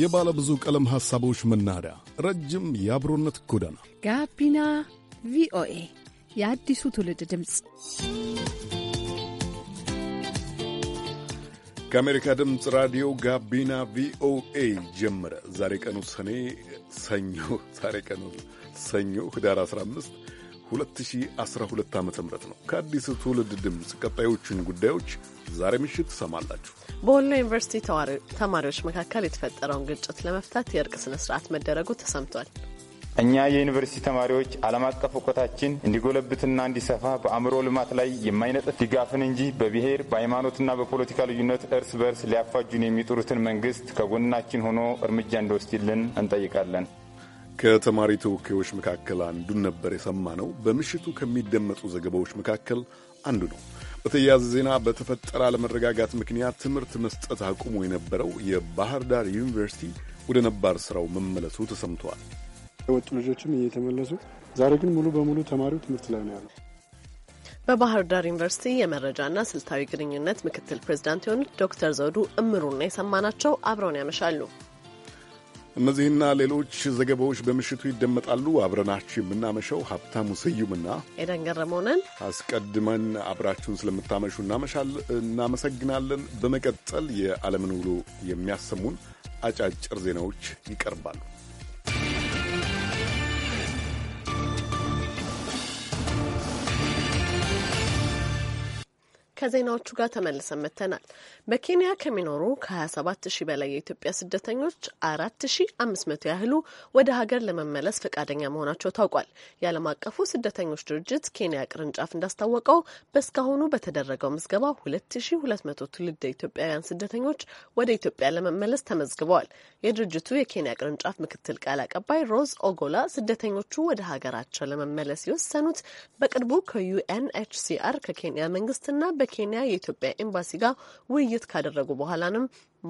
የባለ ብዙ ቀለም ሐሳቦች መናኸሪያ፣ ረጅም የአብሮነት ጎዳና ጋቢና ቪኦኤ የአዲሱ ትውልድ ድምፅ ከአሜሪካ ድምፅ ራዲዮ ጋቢና ቪኦኤ ጀመረ። ዛሬ ቀኑ ሰኔ ሰኞ ዛሬ ቀኑ ሰኞ ህዳር 15 2012 ዓ ም ነው። ከአዲስ ትውልድ ድምፅ ቀጣዮቹን ጉዳዮች ዛሬ ምሽት ትሰማላችሁ። በወሎ ዩኒቨርሲቲ ተማሪዎች መካከል የተፈጠረውን ግጭት ለመፍታት የእርቅ ስነ ስርዓት መደረጉ ተሰምቷል። እኛ የዩኒቨርሲቲ ተማሪዎች ዓለም አቀፍ እውቀታችን እንዲጎለብትና እንዲሰፋ በአእምሮ ልማት ላይ የማይነጥፍ ድጋፍን እንጂ በብሔር በሃይማኖትና በፖለቲካ ልዩነት እርስ በርስ ሊያፋጁን የሚጥሩትን መንግስት ከጎናችን ሆኖ እርምጃ እንዲወስድልን እንጠይቃለን። ከተማሪ ተወካዮች መካከል አንዱን ነበር የሰማ ነው። በምሽቱ ከሚደመጡ ዘገባዎች መካከል አንዱ ነው። በተያያዘ ዜና በተፈጠረ አለመረጋጋት ምክንያት ትምህርት መስጠት አቁሞ የነበረው የባህር ዳር ዩኒቨርሲቲ ወደ ነባር ስራው መመለሱ ተሰምተዋል። የወጡ ልጆችም እየተመለሱ ዛሬ ግን ሙሉ በሙሉ ተማሪው ትምህርት ላይ ነው ያለው። በባህር ዳር ዩኒቨርሲቲ የመረጃና ስልታዊ ግንኙነት ምክትል ፕሬዚዳንት የሆኑት ዶክተር ዘውዱ እምሩና የሰማናቸው አብረውን ያመሻሉ። እነዚህና ሌሎች ዘገባዎች በምሽቱ ይደመጣሉ። አብረናችሁ የምናመሸው ሀብታሙ ስዩምና ኤደን ገረመሆነን አስቀድመን አብራችሁን ስለምታመሹ እናመሰግናለን። በመቀጠል የዓለምን ውሎ የሚያሰሙን አጫጭር ዜናዎች ይቀርባሉ። ከዜናዎቹ ጋር ተመልሰን መጥተናል። በኬንያ ከሚኖሩ ከ27 ሺ በላይ የኢትዮጵያ ስደተኞች 4500 ያህሉ ወደ ሀገር ለመመለስ ፈቃደኛ መሆናቸው ታውቋል። የዓለም አቀፉ ስደተኞች ድርጅት ኬንያ ቅርንጫፍ እንዳስታወቀው በእስካሁኑ በተደረገው ምዝገባ 2200 ትውልደ ኢትዮጵያውያን ስደተኞች ወደ ኢትዮጵያ ለመመለስ ተመዝግበዋል። የድርጅቱ የኬንያ ቅርንጫፍ ምክትል ቃል አቀባይ ሮዝ ኦጎላ ስደተኞቹ ወደ ሀገራቸው ለመመለስ የወሰኑት በቅርቡ ከዩኤንኤችሲአር ከኬንያ መንግስትና በ በኬንያ የኢትዮጵያ ኤምባሲ ጋር ውይይት ካደረጉ በኋላንም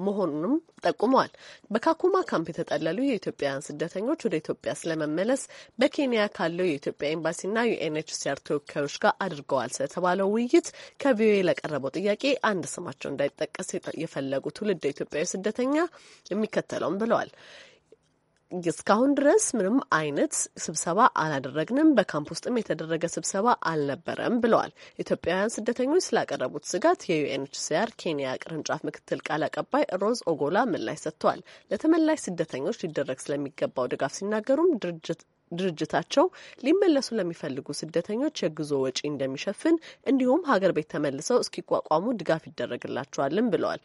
መሆኑንም ጠቁመዋል። በካኩማ ካምፕ የተጠለሉ የኢትዮጵያውያን ስደተኞች ወደ ኢትዮጵያ ስለመመለስ በኬንያ ካለው የኢትዮጵያ ኤምባሲና የዩኤንኤችሲአር ተወካዮች ጋር አድርገዋል ስለተባለው ውይይት ከቪኦኤ ለቀረበው ጥያቄ አንድ ስማቸው እንዳይጠቀስ የፈለጉ ትውልድ ኢትዮጵያዊ ስደተኛ የሚከተለውም ብለዋል። እስካሁን ድረስ ምንም አይነት ስብሰባ አላደረግንም፣ በካምፕ ውስጥም የተደረገ ስብሰባ አልነበረም ብለዋል። ኢትዮጵያውያን ስደተኞች ስላቀረቡት ስጋት የዩኤንኤችሲአር ኬንያ ቅርንጫፍ ምክትል ቃል አቀባይ ሮዝ ኦጎላ ምላሽ ሰጥተዋል። ለተመላሽ ስደተኞች ሊደረግ ስለሚገባው ድጋፍ ሲናገሩም ድርጅት ድርጅታቸው ሊመለሱ ለሚፈልጉ ስደተኞች የጉዞ ወጪ እንደሚሸፍን እንዲሁም ሀገር ቤት ተመልሰው እስኪቋቋሙ ድጋፍ ይደረግላቸዋልም ብለዋል።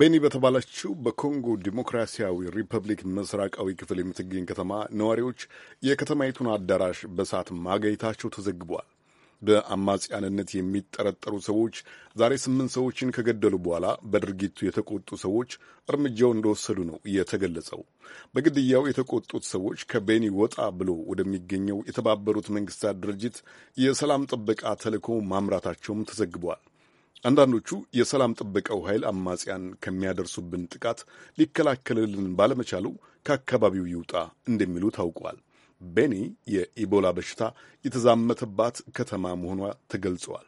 ቤኒ በተባለችው በኮንጎ ዲሞክራሲያዊ ሪፐብሊክ ምስራቃዊ ክፍል የምትገኝ ከተማ ነዋሪዎች የከተማይቱን አዳራሽ በእሳት ማገኘታቸው ተዘግቧል። በአማጽያንነት የሚጠረጠሩ ሰዎች ዛሬ ስምንት ሰዎችን ከገደሉ በኋላ በድርጊቱ የተቆጡ ሰዎች እርምጃው እንደወሰዱ ነው የተገለጸው። በግድያው የተቆጡት ሰዎች ከቤኒ ወጣ ብሎ ወደሚገኘው የተባበሩት መንግስታት ድርጅት የሰላም ጥበቃ ተልዕኮ ማምራታቸውም ተዘግቧል። አንዳንዶቹ የሰላም ጥበቃው ኃይል አማጽያን ከሚያደርሱብን ጥቃት ሊከላከልልን ባለመቻሉ ከአካባቢው ይውጣ እንደሚሉ ታውቋል። ቤኒ የኢቦላ በሽታ የተዛመተባት ከተማ መሆኗ ተገልጸዋል።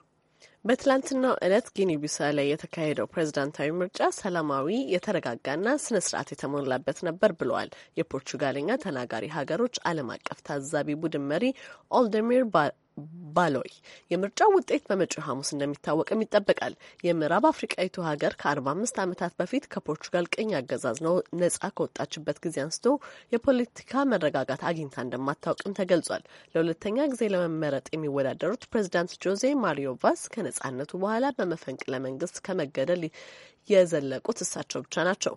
በትላንትናው ዕለት ጊኒ ቢሳ ላይ የተካሄደው ፕሬዝዳንታዊ ምርጫ ሰላማዊ፣ የተረጋጋና ስነ ስርዓት የተሞላበት ነበር ብለዋል የፖርቹጋልኛ ተናጋሪ ሀገሮች ዓለም አቀፍ ታዛቢ ቡድን መሪ ኦልደሚር ባሎይ የምርጫው ውጤት በመጪው ሐሙስ እንደሚታወቅም ይጠበቃል። የምዕራብ አፍሪቃዊቱ ሀገር ከ45 ዓመታት በፊት ከፖርቹጋል ቅኝ አገዛዝ ነው ነጻ ከወጣችበት ጊዜ አንስቶ የፖለቲካ መረጋጋት አግኝታ እንደማታውቅም ተገልጿል። ለሁለተኛ ጊዜ ለመመረጥ የሚወዳደሩት ፕሬዚዳንት ጆዜ ማሪዮ ቫስ ከነጻነቱ በኋላ በመፈንቅለ መንግስት ከመገደል የዘለቁት እሳቸው ብቻ ናቸው።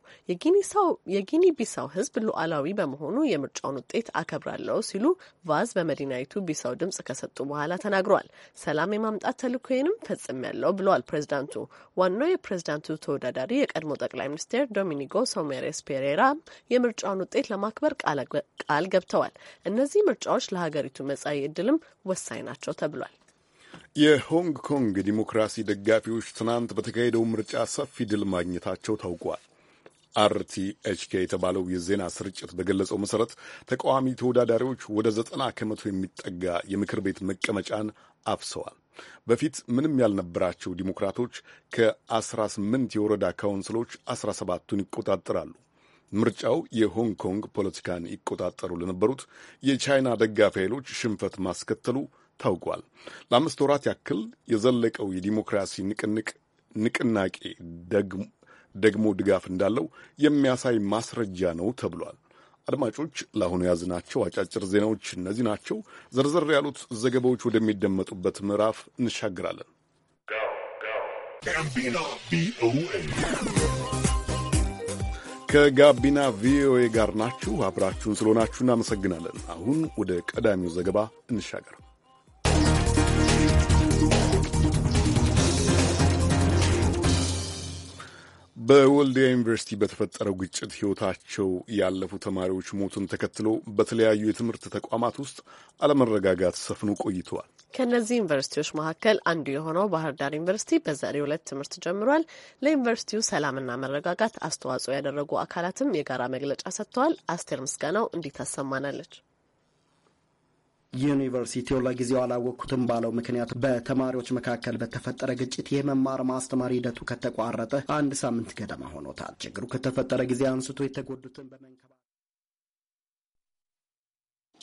የጊኒ ቢሳው ህዝብ ሉዓላዊ በመሆኑ የምርጫውን ውጤት አከብራለሁ ሲሉ ቫዝ በመዲናይቱ ቢሳው ድምጽ ከሰጡ በኋላ ተናግረዋል። ሰላም የማምጣት ተልዕኮዬንም ፈጽሜያለሁ ብለዋል ፕሬዚዳንቱ። ዋናው የፕሬዚዳንቱ ተወዳዳሪ የቀድሞ ጠቅላይ ሚኒስትር ዶሚኒጎ ሶሜሬስ ፔሬራ የምርጫውን ውጤት ለማክበር ቃል ገብተዋል። እነዚህ ምርጫዎች ለሀገሪቱ መጻኢ እድልም ወሳኝ ናቸው ተብሏል። የሆንግ ኮንግ ዲሞክራሲ ደጋፊዎች ትናንት በተካሄደው ምርጫ ሰፊ ድል ማግኘታቸው ታውቋል። አርቲኤችኬ የተባለው የዜና ስርጭት በገለጸው መሠረት ተቃዋሚ ተወዳዳሪዎች ወደ ዘጠና ከመቶ የሚጠጋ የምክር ቤት መቀመጫን አፍሰዋል። በፊት ምንም ያልነበራቸው ዲሞክራቶች ከ18 የወረዳ ካውንስሎች 17ቱን ይቆጣጠራሉ። ምርጫው የሆንግ ኮንግ ፖለቲካን ይቆጣጠሩ ለነበሩት የቻይና ደጋፊ ኃይሎች ሽንፈት ማስከተሉ ታውቋል። ለአምስት ወራት ያክል የዘለቀው የዲሞክራሲ ንቅናቄ ደግሞ ድጋፍ እንዳለው የሚያሳይ ማስረጃ ነው ተብሏል። አድማጮች፣ ለአሁኑ የያዝናቸው አጫጭር ዜናዎች እነዚህ ናቸው። ዘርዘር ያሉት ዘገባዎች ወደሚደመጡበት ምዕራፍ እንሻግራለን። ከጋቢና ቪኦኤ ጋር ናችሁ። አብራችሁን ስለሆናችሁ እናመሰግናለን። አሁን ወደ ቀዳሚው ዘገባ እንሻገር። በወልዲያ ዩኒቨርሲቲ በተፈጠረው ግጭት ሕይወታቸው ያለፉ ተማሪዎች ሞቱን ተከትሎ በተለያዩ የትምህርት ተቋማት ውስጥ አለመረጋጋት ሰፍኖ ቆይተዋል። ከእነዚህ ዩኒቨርሲቲዎች መካከል አንዱ የሆነው ባህር ዳር ዩኒቨርሲቲ በዛሬው ዕለት ትምህርት ጀምሯል። ለዩኒቨርሲቲው ሰላምና መረጋጋት አስተዋጽኦ ያደረጉ አካላትም የጋራ መግለጫ ሰጥተዋል። አስቴር ምስጋናው እንዲህ ታሰማናለች። ዩኒቨርሲቲው ለጊዜው አላወቅኩትም ባለው ምክንያት በተማሪዎች መካከል በተፈጠረ ግጭት የመማር ማስተማር ሂደቱ ከተቋረጠ አንድ ሳምንት ገደማ ሆኖታል። ችግሩ ከተፈጠረ ጊዜ አንስቶ የተጎዱትን በመንከባ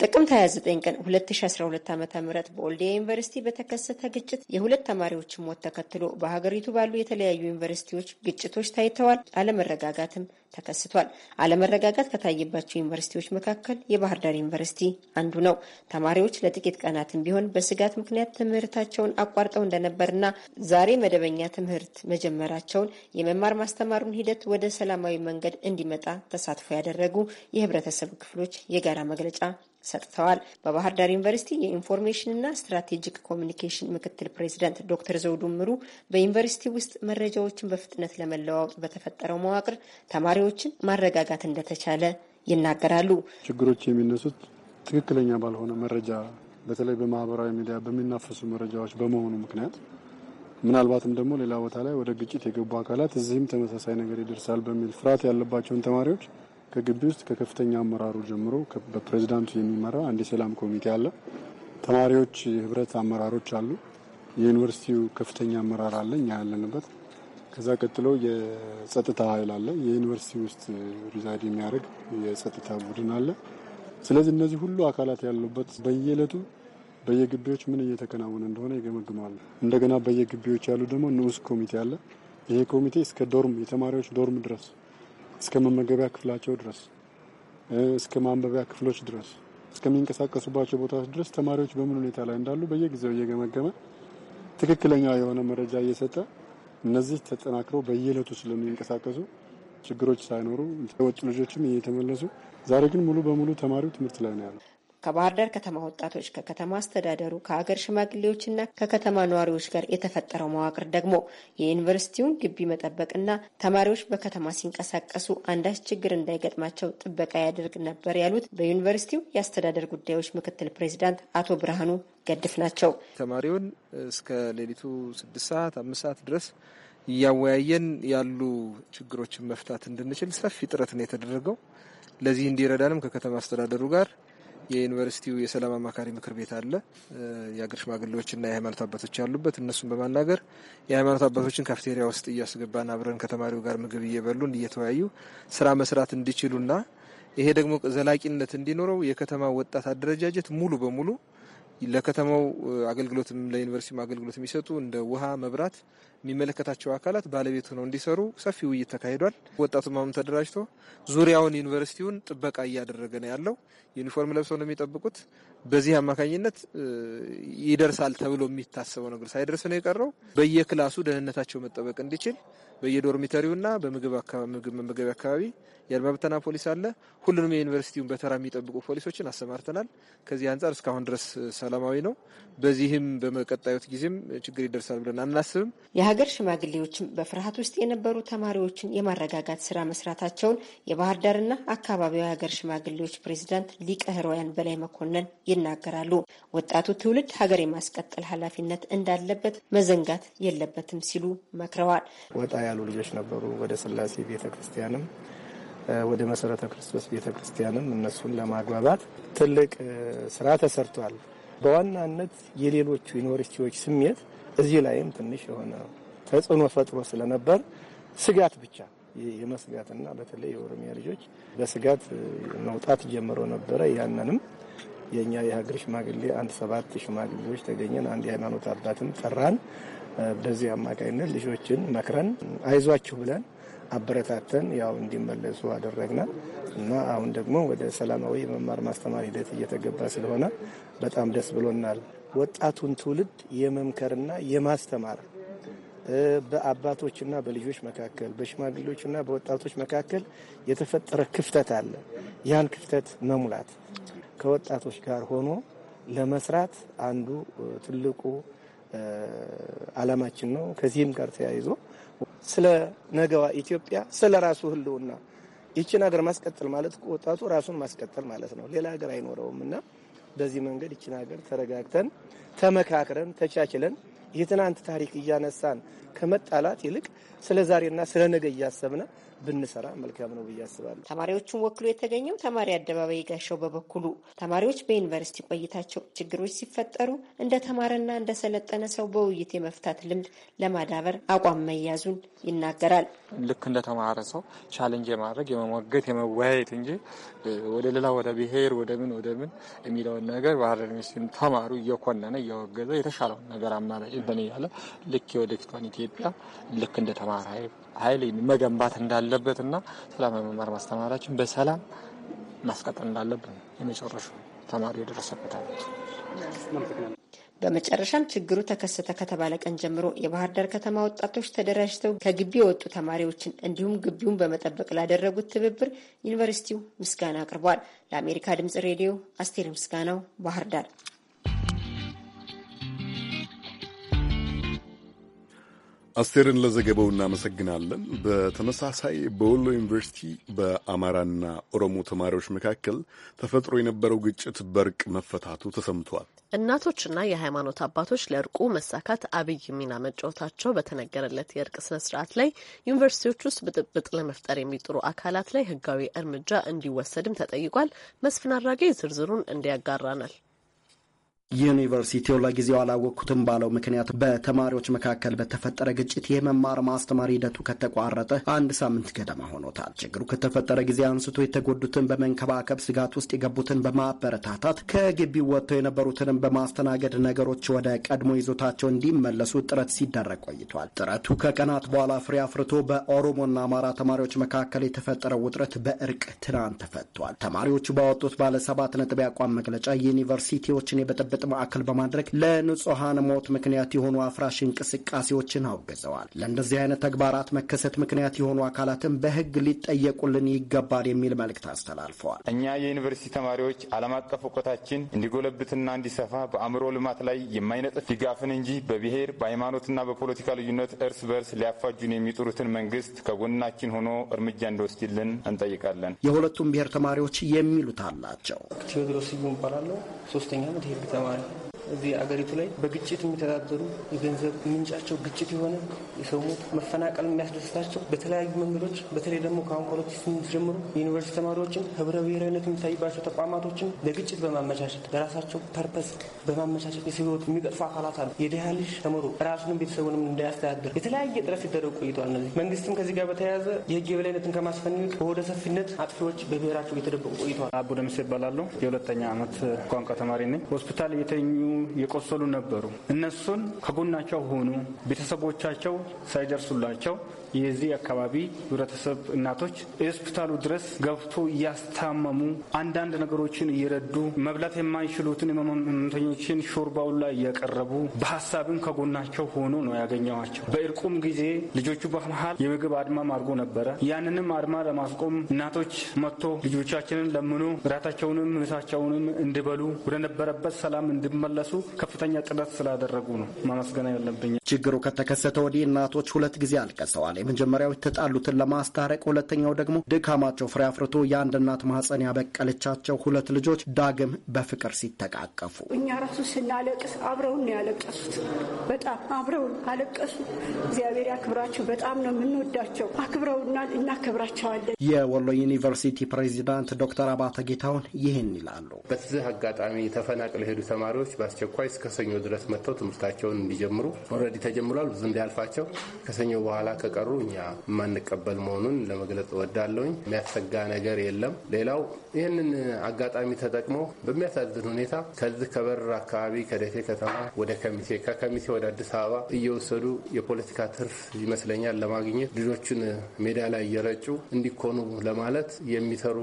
ጥቅምት 29 ቀን 2012 ዓ.ም በወልዲያ ዩኒቨርሲቲ በተከሰተ ግጭት የሁለት ተማሪዎች ሞት ተከትሎ በሀገሪቱ ባሉ የተለያዩ ዩኒቨርሲቲዎች ግጭቶች ታይተዋል። አለመረጋጋትም ተከስቷል። አለመረጋጋት ከታየባቸው ዩኒቨርሲቲዎች መካከል የባህር ዳር ዩኒቨርሲቲ አንዱ ነው። ተማሪዎች ለጥቂት ቀናትም ቢሆን በስጋት ምክንያት ትምህርታቸውን አቋርጠው እንደነበርና ዛሬ መደበኛ ትምህርት መጀመራቸውን የመማር ማስተማሩን ሂደት ወደ ሰላማዊ መንገድ እንዲመጣ ተሳትፎ ያደረጉ የህብረተሰብ ክፍሎች የጋራ መግለጫ ሰጥተዋል። በባህር ዳር ዩኒቨርሲቲ የኢንፎርሜሽንና ስትራቴጂክ ኮሚኒኬሽን ምክትል ፕሬዚዳንት ዶክተር ዘውዱ ምሩ በዩኒቨርሲቲ ውስጥ መረጃዎችን በፍጥነት ለመለዋወጥ በተፈጠረው መዋቅር ተማሪዎችን ማረጋጋት እንደተቻለ ይናገራሉ። ችግሮች የሚነሱት ትክክለኛ ባልሆነ መረጃ በተለይ በማህበራዊ ሚዲያ በሚናፈሱ መረጃዎች በመሆኑ ምክንያት ምናልባትም ደግሞ ሌላ ቦታ ላይ ወደ ግጭት የገቡ አካላት እዚህም ተመሳሳይ ነገር ይደርሳል በሚል ፍርሃት ያለባቸውን ተማሪዎች ከግቢ ውስጥ ከከፍተኛ አመራሩ ጀምሮ በፕሬዚዳንቱ የሚመራ አንድ የሰላም ኮሚቴ አለ። ተማሪዎች ህብረት አመራሮች አሉ። የዩኒቨርሲቲው ከፍተኛ አመራር አለ፣ እኛ ያለንበት። ከዛ ቀጥሎ የጸጥታ ኃይል አለ። የዩኒቨርሲቲ ውስጥ ሪዛይድ የሚያደርግ የጸጥታ ቡድን አለ። ስለዚህ እነዚህ ሁሉ አካላት ያሉበት በየዕለቱ በየግቢዎች ምን እየተከናወነ እንደሆነ ይገመግማሉ። እንደገና በየግቢዎች ያሉ ደግሞ ንዑስ ኮሚቴ አለ። ይሄ ኮሚቴ እስከ ዶርም የተማሪዎች ዶርም ድረስ እስከ መመገቢያ ክፍላቸው ድረስ እስከ ማንበቢያ ክፍሎች ድረስ እስከሚንቀሳቀሱባቸው ቦታዎች ድረስ ተማሪዎች በምን ሁኔታ ላይ እንዳሉ በየጊዜው እየገመገመ ትክክለኛ የሆነ መረጃ እየሰጠ እነዚህ ተጠናክረው በየዕለቱ ስለሚንቀሳቀሱ ችግሮች ሳይኖሩ ወጡ ልጆችም እየተመለሱ ዛሬ ግን ሙሉ በሙሉ ተማሪው ትምህርት ላይ ነው ያለው። ከባህር ዳር ከተማ ወጣቶች፣ ከከተማ አስተዳደሩ፣ ከሀገር ሽማግሌዎችና ከከተማ ነዋሪዎች ጋር የተፈጠረው መዋቅር ደግሞ የዩኒቨርሲቲውን ግቢ መጠበቅና ተማሪዎች በከተማ ሲንቀሳቀሱ አንዳች ችግር እንዳይገጥማቸው ጥበቃ ያደርግ ነበር ያሉት በዩኒቨርሲቲው የአስተዳደር ጉዳዮች ምክትል ፕሬዚዳንት አቶ ብርሃኑ ገድፍ ናቸው። ተማሪውን እስከ ሌሊቱ ስድስት ሰዓት አምስት ሰዓት ድረስ እያወያየን ያሉ ችግሮችን መፍታት እንድንችል ሰፊ ጥረት ነው የተደረገው። ለዚህ እንዲረዳንም ከከተማ አስተዳደሩ ጋር የዩኒቨርሲቲው የሰላም አማካሪ ምክር ቤት አለ። የአገር ሽማግሌዎችና የሃይማኖት አባቶች ያሉበት እነሱን በማናገር የሃይማኖት አባቶችን ካፍቴሪያ ውስጥ እያስገባን አብረን ከተማሪው ጋር ምግብ እየበሉን እየተወያዩ ስራ መስራት እንዲችሉና ይሄ ደግሞ ዘላቂነት እንዲኖረው የከተማ ወጣት አደረጃጀት ሙሉ በሙሉ ለከተማው አገልግሎትም ለዩኒቨርሲቲ አገልግሎት የሚሰጡ እንደ ውሃ፣ መብራት የሚመለከታቸው አካላት ባለቤት ሆነው እንዲሰሩ ሰፊ ውይይት ተካሂዷል። ወጣቱ ማም ተደራጅቶ ዙሪያውን ዩኒቨርሲቲውን ጥበቃ እያደረገ ነው ያለው። ዩኒፎርም ለብሰው ነው የሚጠብቁት። በዚህ አማካኝነት ይደርሳል ተብሎ የሚታሰበው ነገር ሳይደርስ ነው የቀረው። በየክላሱ ደህንነታቸው መጠበቅ እንዲችል በየዶርሚተሪውና በምግብ መመገቢያ አካባቢ የአድማ ብተና ፖሊስ አለ። ሁሉንም የዩኒቨርሲቲውን በተራ የሚጠብቁ ፖሊሶችን አሰማርተናል። ከዚህ አንጻር እስካሁን ድረስ ሰላማዊ ነው። በዚህም በመቀጣዩት ጊዜም ችግር ይደርሳል ብለን አናስብም። የሀገር ሽማግሌዎችም በፍርሃት ውስጥ የነበሩ ተማሪዎችን የማረጋጋት ስራ መስራታቸውን የባህር ዳርና አካባቢው የሀገር ሽማግሌዎች ፕሬዚዳንት ሊቀ ህሮያን በላይ መኮንን ይናገራሉ። ወጣቱ ትውልድ ሀገር የማስቀጠል ኃላፊነት እንዳለበት መዘንጋት የለበትም ሲሉ መክረዋል። ወጣ ያሉ ልጆች ነበሩ። ወደ ስላሴ ክርስቲያንም ወደ መሰረተ ክርስቶስ ክርስቲያንም እነሱን ለማግባባት ትልቅ ስራ ተሰርቷል። በዋናነት የሌሎቹ ዩኒቨርሲቲዎች ስሜት እዚህ ላይም ትንሽ የሆነ ተጽዕኖ ፈጥሮ ስለነበር ስጋት ብቻ የመስጋትና በተለይ የኦሮሚያ ልጆች በስጋት መውጣት ጀምሮ ነበረ። ያንንም የእኛ የሀገር ሽማግሌ አንድ ሰባት ሽማግሌዎች ተገኘን። አንድ የሃይማኖት አባትም ጠራን። በዚህ አማካኝነት ልጆችን መክረን አይዟችሁ ብለን አበረታተን ያው እንዲመለሱ አደረግናል። እና አሁን ደግሞ ወደ ሰላማዊ የመማር ማስተማር ሂደት እየተገባ ስለሆነ በጣም ደስ ብሎናል። ወጣቱን ትውልድ የመምከርና የማስተማር በአባቶችና በልጆች መካከል በሽማግሌዎችና በወጣቶች መካከል የተፈጠረ ክፍተት አለ። ያን ክፍተት መሙላት ከወጣቶች ጋር ሆኖ ለመስራት አንዱ ትልቁ ዓላማችን ነው። ከዚህም ጋር ተያይዞ ስለ ነገዋ ኢትዮጵያ ስለ ራሱ ሕልውና ይችን ሀገር ማስቀጠል ማለት ወጣቱ ራሱን ማስቀጠል ማለት ነው። ሌላ ሀገር አይኖረውም እና በዚህ መንገድ ይችን ሀገር ተረጋግተን ተመካክረን ተቻችለን የትናንት ታሪክ እያነሳን ከመጣላት ይልቅ ስለ ዛሬና ስለ ነገ እያሰብነ ብንሰራ መልካም ነው ብዬ አስባለሁ። ተማሪዎቹን ወክሎ የተገኘው ተማሪ አደባባይ ጋሻው በበኩሉ ተማሪዎች በዩኒቨርሲቲ ቆይታቸው ችግሮች ሲፈጠሩ እንደ ተማረና እንደ ሰለጠነ ሰው በውይይት የመፍታት ልምድ ለማዳበር አቋም መያዙን ይናገራል። ልክ እንደ ተማረ ሰው ቻለንጅ የማድረግ የመሞገት፣ የመወያየት እንጂ ወደ ሌላ ወደ ብሄር ወደ ምን ወደ ምን የሚለውን ነገር ባህር ዩኒቨርሲቲ ተማሩ እየኮነነ እየወገዘ የተሻለውን ነገር አማራጭ እንትን እያለ ልክ የወደፊቷን ኢትዮጵያ ልክ እንደ ተማራ ኃይል መገንባት እንዳለበት እና ሰላም መማር ማስተማራችን በሰላም ማስቀጠል እንዳለብን የመጨረሻ ተማሪ የደረሰበታል። በመጨረሻም ችግሩ ተከሰተ ከተባለ ቀን ጀምሮ የባህር ዳር ከተማ ወጣቶች ተደራጅተው ከግቢ የወጡ ተማሪዎችን እንዲሁም ግቢውን በመጠበቅ ላደረጉት ትብብር ዩኒቨርሲቲው ምስጋና አቅርቧል። ለአሜሪካ ድምጽ ሬዲዮ አስቴር ምስጋናው ባህር ዳር። አስቴርን ለዘገባው እናመሰግናለን። በተመሳሳይ በወሎ ዩኒቨርሲቲ በአማራና ኦሮሞ ተማሪዎች መካከል ተፈጥሮ የነበረው ግጭት በእርቅ መፈታቱ ተሰምቷል። እናቶችና የሃይማኖት አባቶች ለእርቁ መሳካት አብይ ሚና መጫወታቸው በተነገረለት የእርቅ ስነ ስርዓት ላይ ዩኒቨርሲቲዎች ውስጥ ብጥብጥ ለመፍጠር የሚጥሩ አካላት ላይ ህጋዊ እርምጃ እንዲወሰድም ተጠይቋል። መስፍን አድራጌ ዝርዝሩን እንዲያጋራናል። ዩኒቨርሲቲው ለጊዜው አላወቅኩትም ባለው ምክንያት በተማሪዎች መካከል በተፈጠረ ግጭት የመማር ማስተማር ሂደቱ ከተቋረጠ አንድ ሳምንት ገደማ ሆኖታል። ችግሩ ከተፈጠረ ጊዜ አንስቶ የተጎዱትን በመንከባከብ ስጋት ውስጥ የገቡትን በማበረታታት ከግቢው ወጥተው የነበሩትንም በማስተናገድ ነገሮች ወደ ቀድሞ ይዞታቸው እንዲመለሱ ጥረት ሲደረግ ቆይቷል። ጥረቱ ከቀናት በኋላ ፍሬ አፍርቶ በኦሮሞና አማራ ተማሪዎች መካከል የተፈጠረው ውጥረት በእርቅ ትናንት ተፈቷል። ተማሪዎቹ ባወጡት ባለ ሰባት ነጥብ ያቋም መግለጫ ዩኒቨርሲቲዎችን የበጠበ የጭብጥ ማዕከል በማድረግ ለንጹሐን ሞት ምክንያት የሆኑ አፍራሽ እንቅስቃሴዎችን አውግዘዋል። ለእንደዚህ አይነት ተግባራት መከሰት ምክንያት የሆኑ አካላትም በህግ ሊጠየቁልን ይገባል የሚል መልእክት አስተላልፈዋል። እኛ የዩኒቨርሲቲ ተማሪዎች ዓለም አቀፍ እውቀታችን እንዲጎለብትና እንዲሰፋ በአእምሮ ልማት ላይ የማይነጥፍ ድጋፍን እንጂ በብሔር በሃይማኖትና በፖለቲካ ልዩነት እርስ በርስ ሊያፋጁን የሚጥሩትን መንግስት ከጎናችን ሆኖ እርምጃ እንዲወስድልን እንጠይቃለን። የሁለቱም ብሔር ተማሪዎች የሚሉት አላቸው። ቴዎድሮስ ስዩም ሶስተኛ ዓመት one. እዚህ አገሪቱ ላይ በግጭት የሚተዳደሩ የገንዘብ ምንጫቸው ግጭት የሆነ የሰው ሞት፣ መፈናቀል የሚያስደስታቸው በተለያዩ መንገዶች በተለይ ደግሞ ከአሁን ከሁለት ጀምሮ ዩኒቨርሲቲ ተማሪዎችን ህብረ ብሔራዊነት የሚታይባቸው ተቋማቶችን ለግጭት በማመቻቸት ለራሳቸው ፐርፐስ በማመቻቸት የሰው ህይወት የሚቀጥፉ አካላት አሉ። የድሃ ልጅ ተምሮ ራሱንም ቤተሰቡንም እንዳያስተዳድር የተለያየ ጥረት ሲደረጉ ቆይተዋል። እነዚህ መንግስትም ከዚህ ጋር በተያያዘ የህግ የበላይነትን ከማስፈን ይልቅ በወደ ሰፊነት አጥፊዎች በብሔራቸው እየተደበቁ ቆይተዋል። አቡ ደምስ ይባላሉ። የሁለተኛ ዓመት ቋንቋ ተማሪ ነኝ። ሆስፒታል እየተኙ የቆሰሉ ነበሩ። እነሱን ከጎናቸው ሆኑ። ቤተሰቦቻቸው ሳይደርሱላቸው የዚህ አካባቢ ህብረተሰብ እናቶች ሆስፒታሉ ድረስ ገብቶ እያስታመሙ አንዳንድ ነገሮችን እየረዱ መብላት የማይችሉትን ህመምተኞችን ሾርባውን ላይ እያቀረቡ በሀሳብም ከጎናቸው ሆኖ ነው ያገኘዋቸው። በእርቁም ጊዜ ልጆቹ በመሀል የምግብ አድማ አድርጎ ነበረ። ያንንም አድማ ለማስቆም እናቶች መጥቶ ልጆቻችንን ለምኖ ራታቸውንም ምሳቸውንም እንዲበሉ ወደ ነበረበት ሰላም እንዲመለሱ ከፍተኛ ጥረት ስላደረጉ ነው ማመስገን ያለብኝ። ችግሩ ከተከሰተ ወዲህ እናቶች ሁለት ጊዜ አልቀሰዋል። ተናግረዋል። የመጀመሪያው የተጣሉትን ለማስታረቅ፣ ሁለተኛው ደግሞ ድካማቸው ፍሬ አፍርቶ የአንድ እናት ማህፀን ያበቀለቻቸው ሁለት ልጆች ዳግም በፍቅር ሲተቃቀፉ እኛ ራሱ ስናለቅስ አብረውን ነው ያለቀሱት። በጣም አብረውን አለቀሱ። እግዚአብሔር ያክብራቸው። በጣም ነው የምንወዳቸው። አክብረውናል፣ እናከብራቸዋለን። የወሎ ዩኒቨርሲቲ ፕሬዚዳንት ዶክተር አባተ ጌታሁን ይህን ይላሉ። በዚህ አጋጣሚ ተፈናቅለው የሄዱ ተማሪዎች በአስቸኳይ እስከ ሰኞ ድረስ መጥተው ትምህርታቸውን እንዲጀምሩ ኦልሬዲ ተጀምሯል። ብዙ እንዲያልፋቸው ከሰኞ በኋላ ከቀ እንደሰሩ እኛ የማንቀበል መሆኑን ለመግለጽ እወዳለሁኝ። የሚያሰጋ ነገር የለም። ሌላው ይህንን አጋጣሚ ተጠቅመው በሚያሳዝን ሁኔታ ከዚህ ከበር አካባቢ ከደሴ ከተማ ወደ ከሚሴ ከከሚሴ ወደ አዲስ አበባ እየወሰዱ የፖለቲካ ትርፍ ይመስለኛል ለማግኘት ልጆችን ሜዳ ላይ እየረጩ እንዲኮኑ ለማለት የሚሰሩ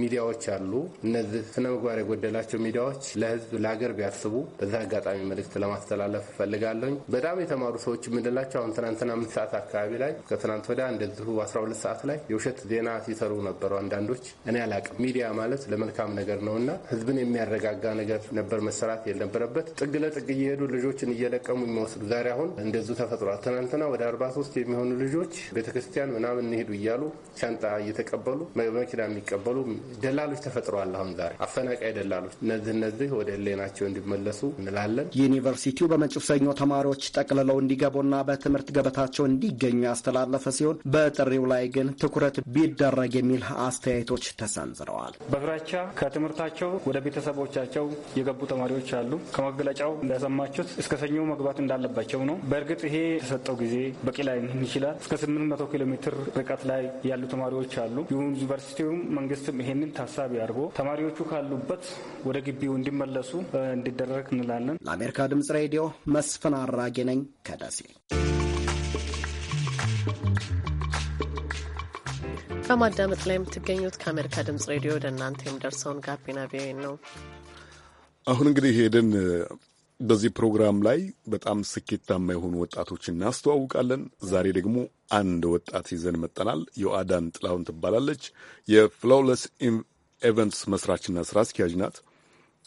ሚዲያዎች አሉ። እነዚህ ስነ ምግባር የጎደላቸው ሚዲያዎች ለህዝብ ለሀገር ቢያስቡ በዚህ አጋጣሚ መልእክት ለማስተላለፍ እፈልጋለኝ። በጣም የተማሩ ሰዎች የምንላቸው አሁን ትናንትና አምስት ሰዓት አካባቢ ላይ ከትናንት ወዲያ እንደዚሁ 12 ሰዓት ላይ የውሸት ዜና ሲሰሩ ነበሩ አንዳንዶች። እኔ አላቅም። ሚዲያ ማለት ለመልካም ነገር ነው እና ህዝብን የሚያረጋጋ ነገር ነበር መሰራት የነበረበት። ጥግ ለጥግ እየሄዱ ልጆችን እየለቀሙ የሚወስዱ ዛሬ አሁን እንደዚሁ ተፈጥሯል። ትናንትና ወደ 43 የሚሆኑ ልጆች ቤተክርስቲያን ምናምን እንሄዱ እያሉ ሻንጣ እየተቀበሉ መኪና የሚቀበሉ ደላሎች ተፈጥረዋል። አሁን ዛሬ አፈናቃይ ደላሎች እነዚህ እነዚህ ወደ ህሌናቸው እንዲመለሱ እንላለን። ዩኒቨርሲቲው በመጪው ሰኞ ተማሪዎች ጠቅልለው እንዲገቡና በትምህርት ገበታቸው እንዲገኙ ያስተላል የተላለፈ ሲሆን በጥሪው ላይ ግን ትኩረት ቢደረግ የሚል አስተያየቶች ተሰንዝረዋል። በፍራቻ ከትምህርታቸው ወደ ቤተሰቦቻቸው የገቡ ተማሪዎች አሉ። ከመግለጫው እንዳሰማችሁት እስከ ሰኞ መግባት እንዳለባቸው ነው። በእርግጥ ይሄ የተሰጠው ጊዜ በቂ ላይ ይችላል። እስከ 800 ኪሎ ሜትር ርቀት ላይ ያሉ ተማሪዎች አሉ። ዩኒቨርሲቲውም መንግስትም ይሄንን ታሳቢ አድርጎ ተማሪዎቹ ካሉበት ወደ ግቢው እንዲመለሱ እንዲደረግ እንላለን። ለአሜሪካ ድምጽ ሬዲዮ መስፍን አራጌ ነኝ ከደሴ። ከማዳመጥ ላይ የምትገኙት ከአሜሪካ ድምጽ ሬዲዮ ወደ እናንተ የሚደርሰውን ጋቢና ቪኦኤ ነው። አሁን እንግዲህ ሄደን በዚህ ፕሮግራም ላይ በጣም ስኬታማ የሆኑ ወጣቶች እናስተዋውቃለን። ዛሬ ደግሞ አንድ ወጣት ይዘን መጠናል። የአዳን ጥላሁን ትባላለች። የፍላውለስ ኢቨንትስ መስራችና ስራ አስኪያጅ ናት።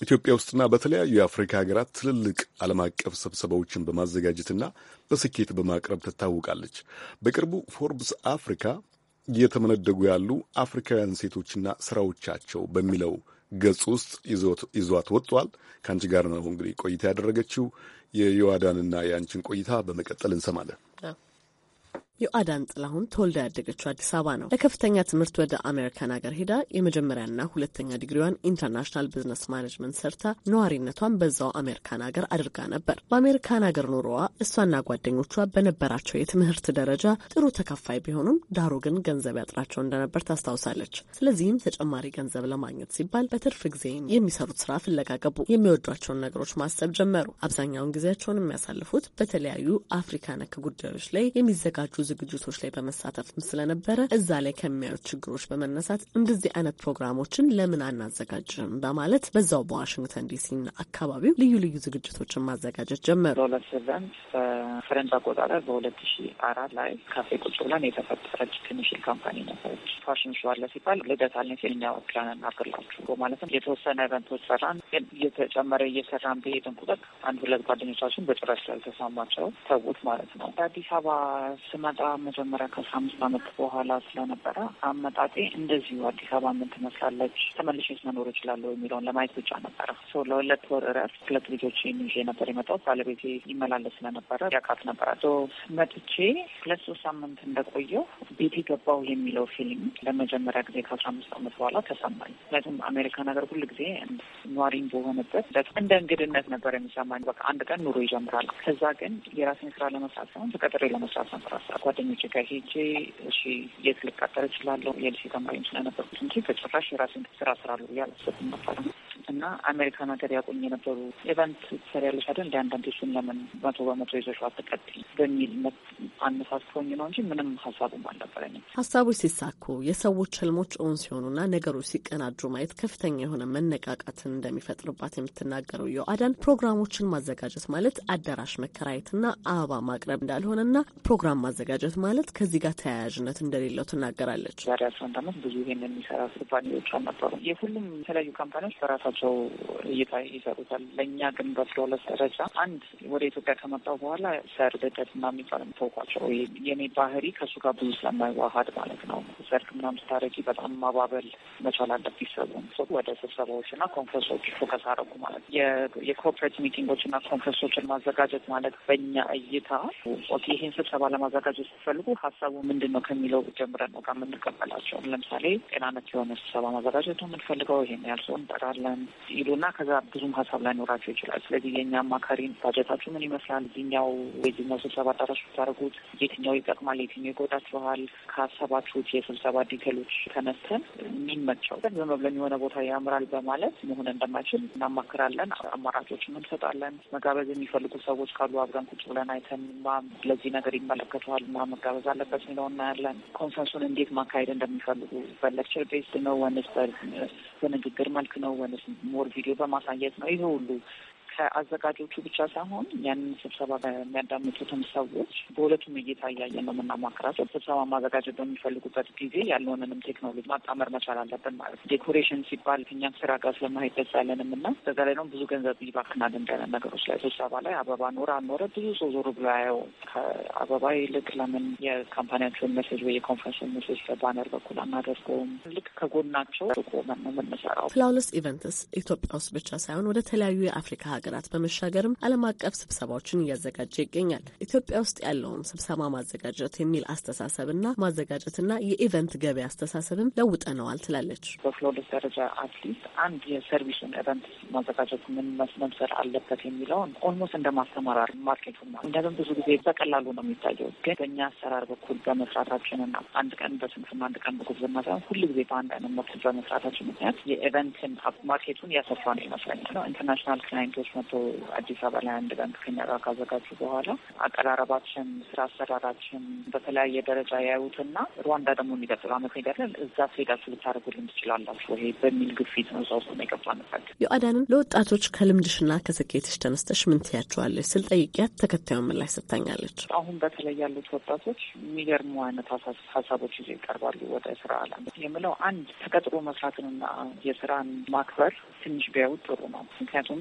ኢትዮጵያ ውስጥና በተለያዩ የአፍሪካ ሀገራት ትልልቅ ዓለም አቀፍ ስብሰባዎችን በማዘጋጀትና በስኬት በማቅረብ ትታወቃለች። በቅርቡ ፎርብስ አፍሪካ እየተመነደጉ ያሉ አፍሪካውያን ሴቶችና ስራዎቻቸው በሚለው ገጽ ውስጥ ይዟት ወጥቷል። ከአንቺ ጋር ነው እንግዲህ ቆይታ ያደረገችው። የዮዋዳንና የአንቺን ቆይታ በመቀጠል እንሰማለን። ዮአዳን ጥላሁን ተወልዳ ያደገችው አዲስ አበባ ነው። ለከፍተኛ ትምህርት ወደ አሜሪካን ሀገር ሄዳ የመጀመሪያና ሁለተኛ ዲግሪዋን ኢንተርናሽናል ቢዝነስ ማኔጅመንት ሰርታ ነዋሪነቷን በዛው አሜሪካን ሀገር አድርጋ ነበር። በአሜሪካን ሀገር ኑሮዋ እሷና ጓደኞቿ በነበራቸው የትምህርት ደረጃ ጥሩ ተከፋይ ቢሆኑም ዳሩ ግን ገንዘብ ያጥራቸው እንደነበር ታስታውሳለች። ስለዚህም ተጨማሪ ገንዘብ ለማግኘት ሲባል በትርፍ ጊዜ የሚሰሩት ስራ ፍለጋ ገቡ። የሚወዷቸውን ነገሮች ማሰብ ጀመሩ። አብዛኛውን ጊዜያቸውን የሚያሳልፉት በተለያዩ አፍሪካ ነክ ጉዳዮች ላይ የሚዘጋጁ ዝግጅቶች ላይ በመሳተፍም ስለነበረ እዛ ላይ ከሚያዩት ችግሮች በመነሳት እንደዚህ አይነት ፕሮግራሞችን ለምን አናዘጋጅም በማለት በዛው በዋሽንግተን ዲሲና አካባቢው ልዩ ልዩ ዝግጅቶችን ማዘጋጀት ጀመሩ። ፈረንጅ አቆጣጠር በሁለት ሺ አራት ላይ ካፌ ቁጭ ብለን የተፈጠረች ትንሽል ካምፓኒ ነበረች። ፋሽን ሾው አለ ሲባል ልደት አለን ሲል እኛ ወክለን እናቅርላችሁ ማለትም የተወሰነ ኢቨንቶች ሰራን። ግን እየተጨመረ እየሰራን በሄድን ቁጥር አንድ ሁለት ጓደኞቻችን በጭራሽ ስላልተሰማቸው ተዉት ማለት ነው። አዲስ አበባ ስመጣ መጀመሪያ ከአስራ አምስት አመት በኋላ ስለነበረ አመጣጤ እንደዚሁ አዲስ አበባ ምን ትመስላለች ተመልሼ መኖር እችላለሁ የሚለውን ለማየት ብቻ ነበረ። ለሁለት ወር እረፍት ሁለት ልጆች ይዤ ነበር የመጣሁት። ባለቤቴ ይመላለስ ስለነበረ ማብቃት ነበር። መጥቼ ሁለት ሶስት ሳምንት እንደቆየው ቤቴ ገባው የሚለው ፊልም ለመጀመሪያ ጊዜ ከአስራ አምስት አመት በኋላ ተሰማኝ። ምክንያቱም አሜሪካ ነገር ሁሉ ጊዜ ኗሪን በሆነበት እንደ እንግድነት ነበር የሚሰማኝ። በቃ አንድ ቀን ኑሮ ይጀምራል። ከዛ ግን የራሴን ስራ ለመስራት ሳይሆን ተቀጥሬ ለመስራት ነበር። ጓደኞቼ ጋር ሄጄ እሺ የት ልቀጠር እችላለሁ የልሴ ተማሪም ስለነበርኩት እንጂ በጭራሽ የራሴን ስራ ስራለሁ ብዬ አላሰብኩም ነበር። እና አሜሪካን ሀገር ያቆኝ የነበሩ ኤቨንት ትሰሪያለሽ አይደል እንደ አንዳንድ እሱን ለምን መቶ በመቶ ይዘሽ አትቀጥይም በሚል አነሳስቶኝ ነው እንጂ ምንም ሀሳቡም አልነበረኝም። ሀሳቦች ሲሳኩ የሰዎች ህልሞች እውን ሲሆኑና ነገሮች ሲቀናጁ ማየት ከፍተኛ የሆነ መነቃቃትን እንደሚፈጥርባት የምትናገረው የአዳን ፕሮግራሞችን ማዘጋጀት ማለት አዳራሽ መከራየትና አበባ ማቅረብ እንዳልሆነና ፕሮግራም ማዘጋጀት ማለት ከዚህ ጋር ተያያዥነት እንደሌለው ትናገራለች። ዛሬ አስራ አንድ አመት ብዙ ይሄን የሚሰራ ኩባንያዎች አልነበሩ። የሁሉም የተለያዩ ካምፓኒዎች በራሳቸው ሰው እይታ ይሰሩታል። ለእኛ ግን በፍሎለስ ደረጃ አንድ ወደ ኢትዮጵያ ከመጣው በኋላ ሰርግ ና የሚባል ተውቋቸው የኔ ባህሪ ከእሱ ጋር ብዙ ስለማይዋሀድ ማለት ነው። ሰርግ ምናምን ስታረጊ በጣም ማባበል መቻል አለብሽ። ሰውን ወደ ስብሰባዎች ና ኮንፈረንሶች ፎከስ አረጉ ማለት የኮርፖሬት ሚቲንጎች ና ኮንፈረንሶችን ማዘጋጀት ማለት በእኛ እይታ ኦኬ፣ ይህን ስብሰባ ለማዘጋጀት ስትፈልጉ ሀሳቡ ምንድን ነው ከሚለው ጀምረን ነው ጋር የምንቀበላቸው። ለምሳሌ ጤናነት የሆነ ስብሰባ ማዘጋጀት ነው የምንፈልገው። ይሄን ያህል ሰው እንጠራለን። ይሉና ከዛ ብዙም ሀሳብ ላይኖራቸው ይችላል። ስለዚህ የእኛ አማካሪ ባጀታችሁ ምን ይመስላል፣ እዚኛው ወይዚኛው ስብሰባ አዳራሽ ብታደርጉት የትኛው ይጠቅማል፣ የትኛው ይጎዳችኋል፣ ካሰባችሁት የስብሰባ ዲቴሎች ተነስተን የሚመቸው ዝም ብለን የሆነ ቦታ ያምራል በማለት መሆን እንደማይችል እናማክራለን። አማራጮችም እንሰጣለን። መጋበዝ የሚፈልጉ ሰዎች ካሉ አብረን ቁጭ ብለን አይተን ማ ለዚህ ነገር ይመለከተዋል ማ መጋበዝ አለበት የሚለው እናያለን። ኮንሰንሱን እንዴት ማካሄድ እንደሚፈልጉ በሌክቸር ቤዝድ ነው ወንስ በንግግር መልክ ነው ወንስ ሞር ቪዲዮ በማሳየት ነው ይሄ ሁሉ ከአዘጋጆቹ ብቻ ሳይሆን ያንን ስብሰባ በሚያዳምጡትም ሰዎች በሁለቱም እይታ እያየን ነው የምናማክራቸው። ስብሰባ ማዘጋጀት በሚፈልጉበት ጊዜ ያለውንንም ቴክኖሎጂ ማጣመር መቻል አለብን ማለት ነው። ዴኮሬሽን ሲባል እኛም ስራ ጋር ስለማሄድ ደስ አይለንም እና በዛ ላይ ደግሞ ብዙ ገንዘብ ይባክናል። እንደ ነገሮች ላይ ስብሰባ ላይ አበባ ኖረ አኖረ ብዙ ሰው ዞር ብሎ ያየው ከአበባ ይልቅ ለምን የካምፓኒያቸውን መሴጅ ወይ የኮንፈረንስን መሴጅ በባነር በኩል አናደርገውም? ልክ ከጎናቸው ቆመን ነው የምንሰራው። ፍላውለስ ኢቨንትስ ኢትዮጵያ ውስጥ ብቻ ሳይሆን ወደ ተለያዩ የአፍሪካ ሀገር ጥናት በመሻገርም ዓለም አቀፍ ስብሰባዎችን እያዘጋጀ ይገኛል። ኢትዮጵያ ውስጥ ያለውን ስብሰባ ማዘጋጀት የሚል አስተሳሰብና ማዘጋጀትና የኢቨንት ገበያ አስተሳሰብም ለውጠነዋል ትላለች። በፍሎደስ ደረጃ አትሊስት አንድ የሰርቪስን ኢቨንት ማዘጋጀት ምን መምሰል አለበት የሚለውን ኦልሞስት እንደ ማስተማራር ማርኬቱን እንደም ብዙ ጊዜ በቀላሉ ነው የሚታየው። ግን በእኛ አሰራር በኩል በመስራታችንና አንድ ቀን በስንፍና አንድ ቀን በጉብዝና ሳይሆን ሁሉ ጊዜ በአንድ አይነት መክል በመስራታችን ምክንያት የኢቨንትን ማርኬቱን ያሰፋ ነው ይመስለኛል። ኢንተርናሽናል ክላይንቶች መቶ አዲስ አበባ ላይ አንድ ባንክ ከኛ ጋር ካዘጋጁ በኋላ አቀራረባችን፣ ስራ አሰራራችን በተለያየ ደረጃ ያዩትና ሩዋንዳ ደግሞ የሚቀጥለው አመት ሄዳለን እዛ ስሄዳችሁ ልታደርጉልን ትችላላችሁ ይሄ በሚል ግፊት ነው እዛ ውስጥ ነው የገባንበት። ዮአዳንን ለወጣቶች ከልምድሽና ከስኬትሽ ተነስተሽ ምን ትያቸዋለች ስል ጠይቂያት ተከታዩን ምላሽ ሰጥታኛለች። አሁን በተለይ ያሉት ወጣቶች የሚገርሙ አይነት ሀሳቦች ይዘው ይቀርባሉ ወደ ስራ አለም የምለው አንድ ተቀጥሮ መስራትንና የስራን ማክበር ትንሽ ቢያዩት ጥሩ ነው ምክንያቱም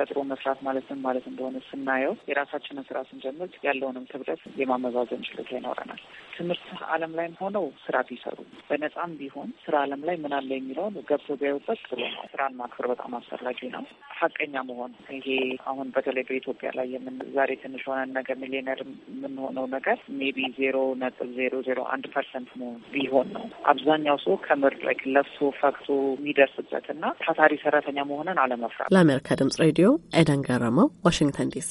ተፈጥሮ መስራት ማለት ምን ማለት እንደሆነ ስናየው የራሳችንን ስራ ስንጀምር ያለውንም ክብደት የማመዛዘን ችሎታ ይኖረናል። ትምህርት ዓለም ላይም ሆነው ስራ ቢሰሩ በነጻም ቢሆን ስራ ዓለም ላይ ምን አለ የሚለውን ገብቶ ቢያዩበት ጥሩ ነው። ስራን ማክበር በጣም አስፈላጊ ነው። ሀቀኛ መሆን ይሄ አሁን በተለይ በኢትዮጵያ ላይ የምን ዛሬ ትንሽ ሆነን ነገ ሚሊዮነር የምንሆነው ነገር ሜቢ ዜሮ ነጥብ ዜሮ ዜሮ አንድ ፐርሰንት መሆን ቢሆን ነው። አብዛኛው ሰው ከምድረግ ለፍቶ ፈክቶ የሚደርስበት እና ታታሪ ሰራተኛ መሆንን አለመፍራት። ለአሜሪካ ድምጽ ሬዲዮ ሬዲዮ ኤደን ገረመው፣ ዋሽንግተን ዲሲ።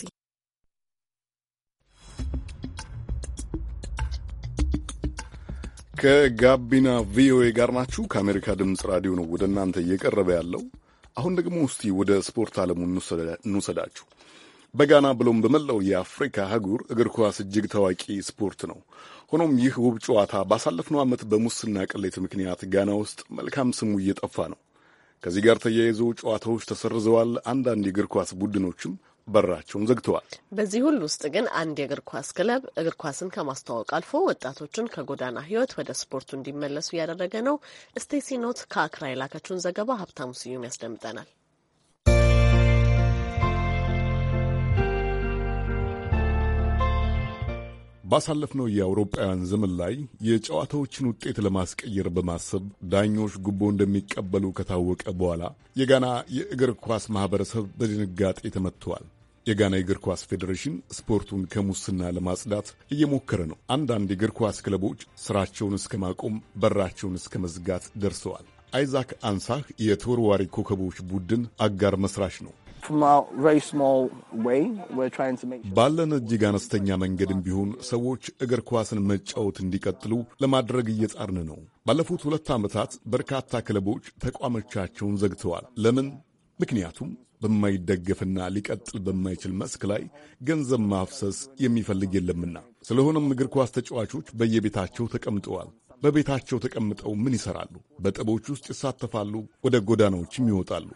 ከጋቢና ቪኦኤ ጋር ናችሁ። ከአሜሪካ ድምፅ ራዲዮ ነው ወደ እናንተ እየቀረበ ያለው። አሁን ደግሞ እስቲ ወደ ስፖርት ዓለሙ እንውሰዳችሁ። በጋና ብሎም በመላው የአፍሪካ አህጉር እግር ኳስ እጅግ ታዋቂ ስፖርት ነው። ሆኖም ይህ ውብ ጨዋታ ባሳለፍነው ዓመት በሙስና ቅሌት ምክንያት ጋና ውስጥ መልካም ስሙ እየጠፋ ነው። ከዚህ ጋር ተያይዞ ጨዋታዎች ተሰርዘዋል። አንዳንድ የእግር ኳስ ቡድኖችም በራቸውን ዘግተዋል። በዚህ ሁሉ ውስጥ ግን አንድ የእግር ኳስ ክለብ እግር ኳስን ከማስተዋወቅ አልፎ ወጣቶችን ከጎዳና ሕይወት ወደ ስፖርቱ እንዲመለሱ እያደረገ ነው። ስቴሲ ኖት ከአክራ የላከችውን ዘገባ ሀብታሙ ስዩም ያስደምጠናል። ባሳለፍነው የአውሮፓውያን ዘመን ላይ የጨዋታዎችን ውጤት ለማስቀየር በማሰብ ዳኞች ጉቦ እንደሚቀበሉ ከታወቀ በኋላ የጋና የእግር ኳስ ማህበረሰብ በድንጋጤ ተመትተዋል። የጋና የእግር ኳስ ፌዴሬሽን ስፖርቱን ከሙስና ለማጽዳት እየሞከረ ነው። አንዳንድ የእግር ኳስ ክለቦች ስራቸውን እስከ ማቆም፣ በራቸውን እስከ መዝጋት ደርሰዋል። አይዛክ አንሳህ የተወርዋሪ ኮከቦች ቡድን አጋር መስራች ነው። ባለን እጅግ አነስተኛ መንገድም ቢሆን ሰዎች እግር ኳስን መጫወት እንዲቀጥሉ ለማድረግ እየጣርን ነው። ባለፉት ሁለት ዓመታት በርካታ ክለቦች ተቋሞቻቸውን ዘግተዋል። ለምን? ምክንያቱም በማይደገፍና ሊቀጥል በማይችል መስክ ላይ ገንዘብ ማፍሰስ የሚፈልግ የለምና። ስለሆነም እግር ኳስ ተጫዋቾች በየቤታቸው ተቀምጠዋል። በቤታቸው ተቀምጠው ምን ይሰራሉ? በጠቦች ውስጥ ይሳተፋሉ፣ ወደ ጎዳናዎችም ይወጣሉ።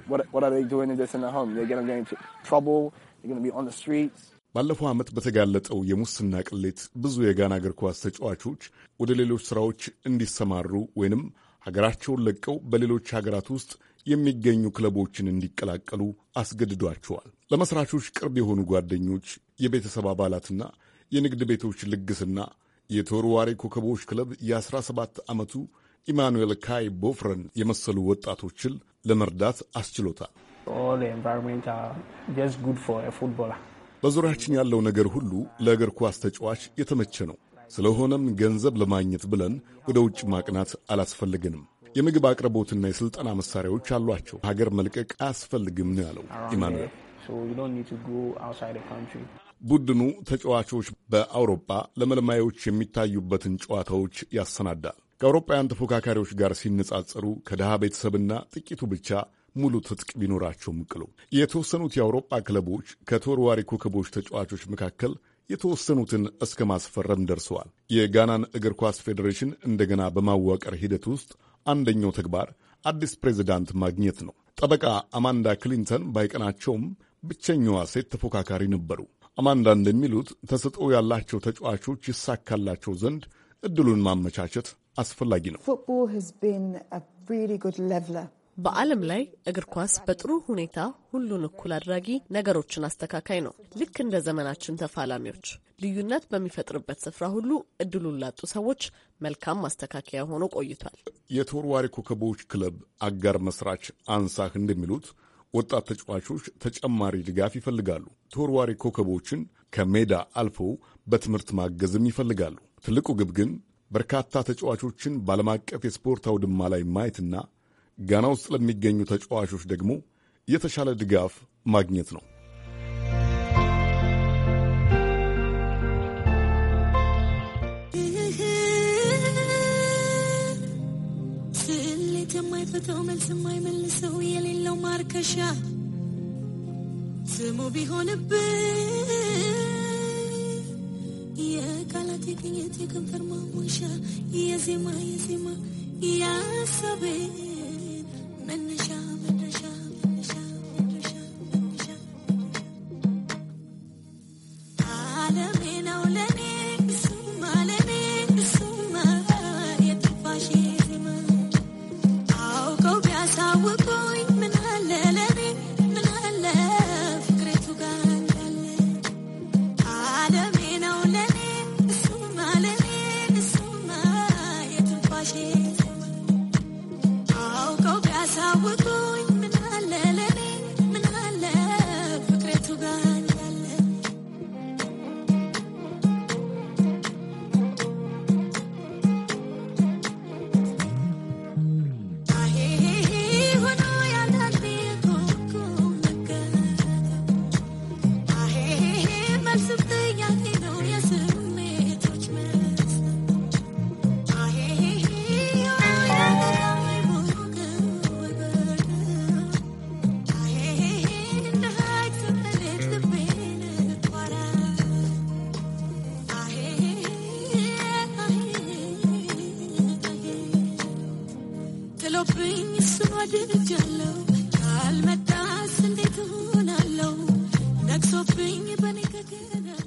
ባለፈው ዓመት በተጋለጠው የሙስና ቅሌት ብዙ የጋና እግር ኳስ ተጫዋቾች ወደ ሌሎች ሥራዎች እንዲሰማሩ ወይንም ሀገራቸውን ለቀው በሌሎች ሀገራት ውስጥ የሚገኙ ክለቦችን እንዲቀላቀሉ አስገድዷቸዋል። ለመስራቾች ቅርብ የሆኑ ጓደኞች፣ የቤተሰብ አባላትና የንግድ ቤቶች ልግስና የተወርዋሪ ኮከቦች ክለብ የ17 ዓመቱ ኢማኑኤል ካይ ቦፍረን የመሰሉ ወጣቶችን ለመርዳት አስችሎታል። በዙሪያችን ያለው ነገር ሁሉ ለእግር ኳስ ተጫዋች የተመቸ ነው። ስለሆነም ገንዘብ ለማግኘት ብለን ወደ ውጭ ማቅናት አላስፈልግንም። የምግብ አቅርቦትና የሥልጠና መሳሪያዎች አሏቸው። ሀገር መልቀቅ አያስፈልግም ነው ያለው ኢማኑኤል። ቡድኑ ተጫዋቾች በአውሮፓ ለመልማዮች የሚታዩበትን ጨዋታዎች ያሰናዳል። ከአውሮፓውያን ተፎካካሪዎች ጋር ሲነጻጸሩ ከድሃ ቤተሰብና ጥቂቱ ብቻ ሙሉ ትጥቅ ቢኖራቸው ምቅሉ የተወሰኑት የአውሮፓ ክለቦች ከተወርዋሪ ኮከቦች ተጫዋቾች መካከል የተወሰኑትን እስከ ማስፈረም ደርሰዋል። የጋናን እግር ኳስ ፌዴሬሽን እንደገና በማዋቀር ሂደት ውስጥ አንደኛው ተግባር አዲስ ፕሬዚዳንት ማግኘት ነው። ጠበቃ አማንዳ ክሊንተን ባይቀናቸውም ብቸኛዋ ሴት ተፎካካሪ ነበሩ። አማንዳ እንደሚሉት ተሰጥኦ ያላቸው ተጫዋቾች ይሳካላቸው ዘንድ እድሉን ማመቻቸት አስፈላጊ ነው። በዓለም ላይ እግር ኳስ በጥሩ ሁኔታ ሁሉን እኩል አድራጊ፣ ነገሮችን አስተካካይ ነው። ልክ እንደ ዘመናችን ተፋላሚዎች ልዩነት በሚፈጥርበት ስፍራ ሁሉ እድሉን ላጡ ሰዎች መልካም ማስተካከያ ሆኖ ቆይቷል። የተወርዋሪ ኮከቦች ክለብ አጋር መስራች አንሳህ እንደሚሉት ወጣት ተጫዋቾች ተጨማሪ ድጋፍ ይፈልጋሉ። ተወርዋሪ ኮከቦችን ከሜዳ አልፈው በትምህርት ማገዝም ይፈልጋሉ። ትልቁ ግብ ግን በርካታ ተጫዋቾችን በዓለም አቀፍ የስፖርት አውድማ ላይ ማየትና ጋና ውስጥ ለሚገኙ ተጫዋቾች ደግሞ የተሻለ ድጋፍ ማግኘት ነው። ስሌት የማይፈተው መልስ የማይመልሰው የሌለው ማርከሻ ስሙ ቢሆንብን የቃላት የቅኝት የከንፈር ማሞሻ የዜማ የዜማ ያሳቤ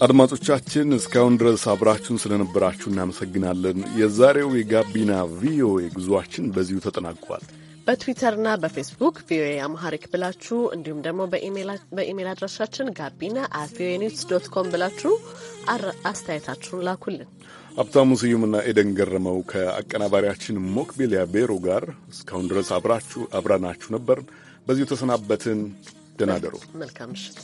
አድማጮቻችን እስካሁን ድረስ አብራችሁን ስለነበራችሁ እናመሰግናለን። የዛሬው የጋቢና ቪኦኤ ጉዟችን በዚሁ ተጠናቋል። በትዊተርና በፌስቡክ ቪኦኤ አምሃሪክ ብላችሁ እንዲሁም ደግሞ በኢሜይል አድራሻችን ጋቢና አት ቪኦኤ ኒውስ ዶት ኮም ብላችሁ አስተያየታችሁን ላኩልን። ሀብታሙ ስዩምና ኤደን ገረመው ከአቀናባሪያችን ሞክቢሊያ ቤሮ ጋር እስካሁን ድረስ አብራችሁ አብራናችሁ ነበር። በዚሁ ተሰናበትን። ደናደሩ መልካም ምሽት።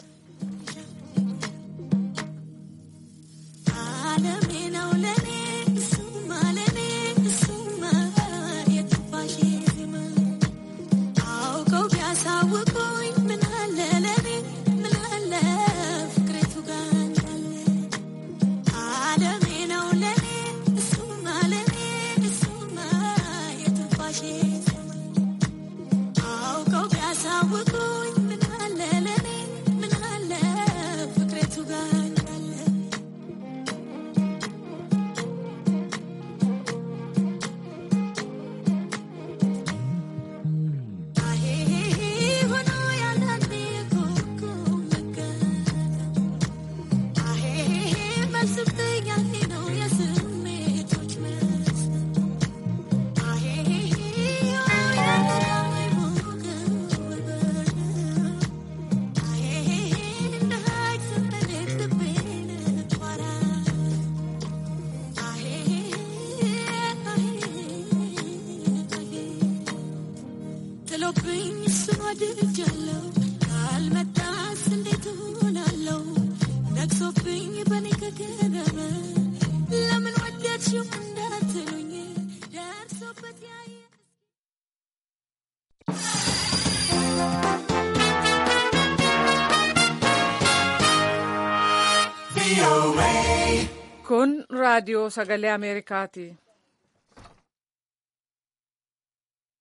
საგალე ამერიკათი